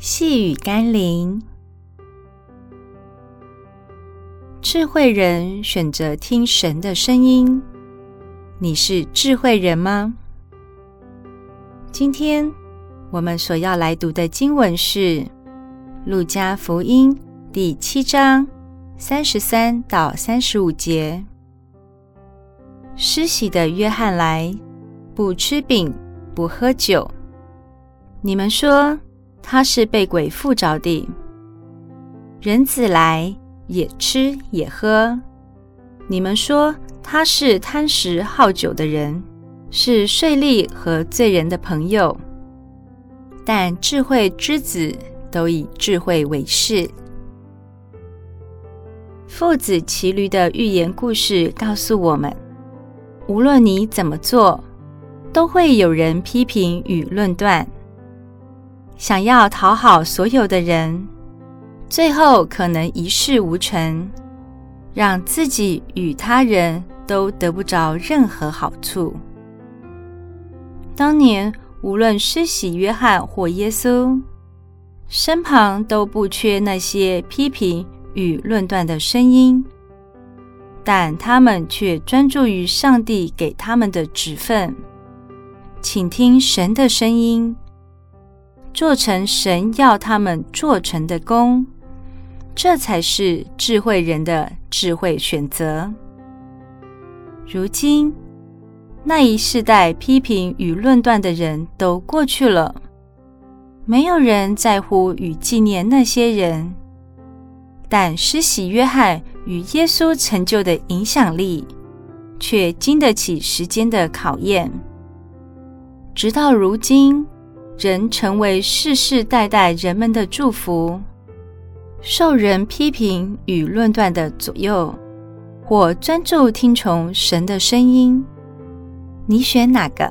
細語甘霖，智慧人選擇聽神的聲音。你是智慧人嗎？今天我們所要來讀的經文是《路加福音》第七章三十三到三十五節。施洗的約翰來，不吃餅，不喝酒。你們說。他是被鬼附着的，人子來也吃也喝。你們說他是貪食好酒的人，是稅吏和罪人的朋友。但智慧之子都以智慧為是。父子騎驢的寓言故事告訴我們：無論你怎麼做，都會有人批評與論斷。想要討好所有的人，最後可能一事無成，讓自己與他人都得不着任何好處。當年，無論施洗約翰或耶穌，身旁都不缺那些批評與論斷的聲音，但他們卻專注於上帝給他們的職分。傾聽神的聲音。做成神要他們做成的工，這才是智慧人的智慧選擇。如今，那一世代批評與論斷的人都過去了，沒有人在乎與紀念那些人，但施洗約翰與耶穌成就的影響力，卻經得起時間的考驗，直到如今。人成為世世代代人們的祝福。受人批評與論斷的左右，或專注聽從神的聲音，你選哪個？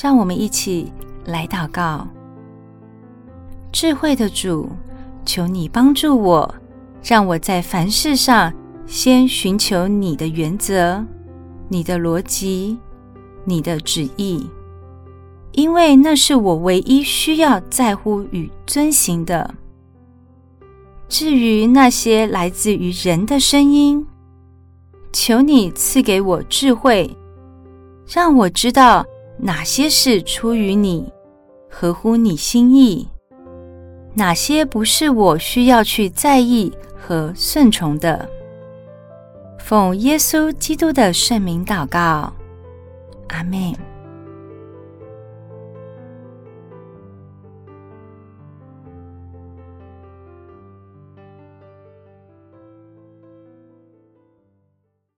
讓我們一起來禱告。智慧的主，求你幫助我，讓我在凡事上先尋求你的原則、你的邏輯、你的旨意。因為那是我唯一需要在乎與遵行的。至於那些來自於人的聲音，求你賜給我智慧，讓我知道哪些是出於你，合乎你心意；哪些不是我需要去在意和順從的。奉耶穌基督的聖名禱告，阿門。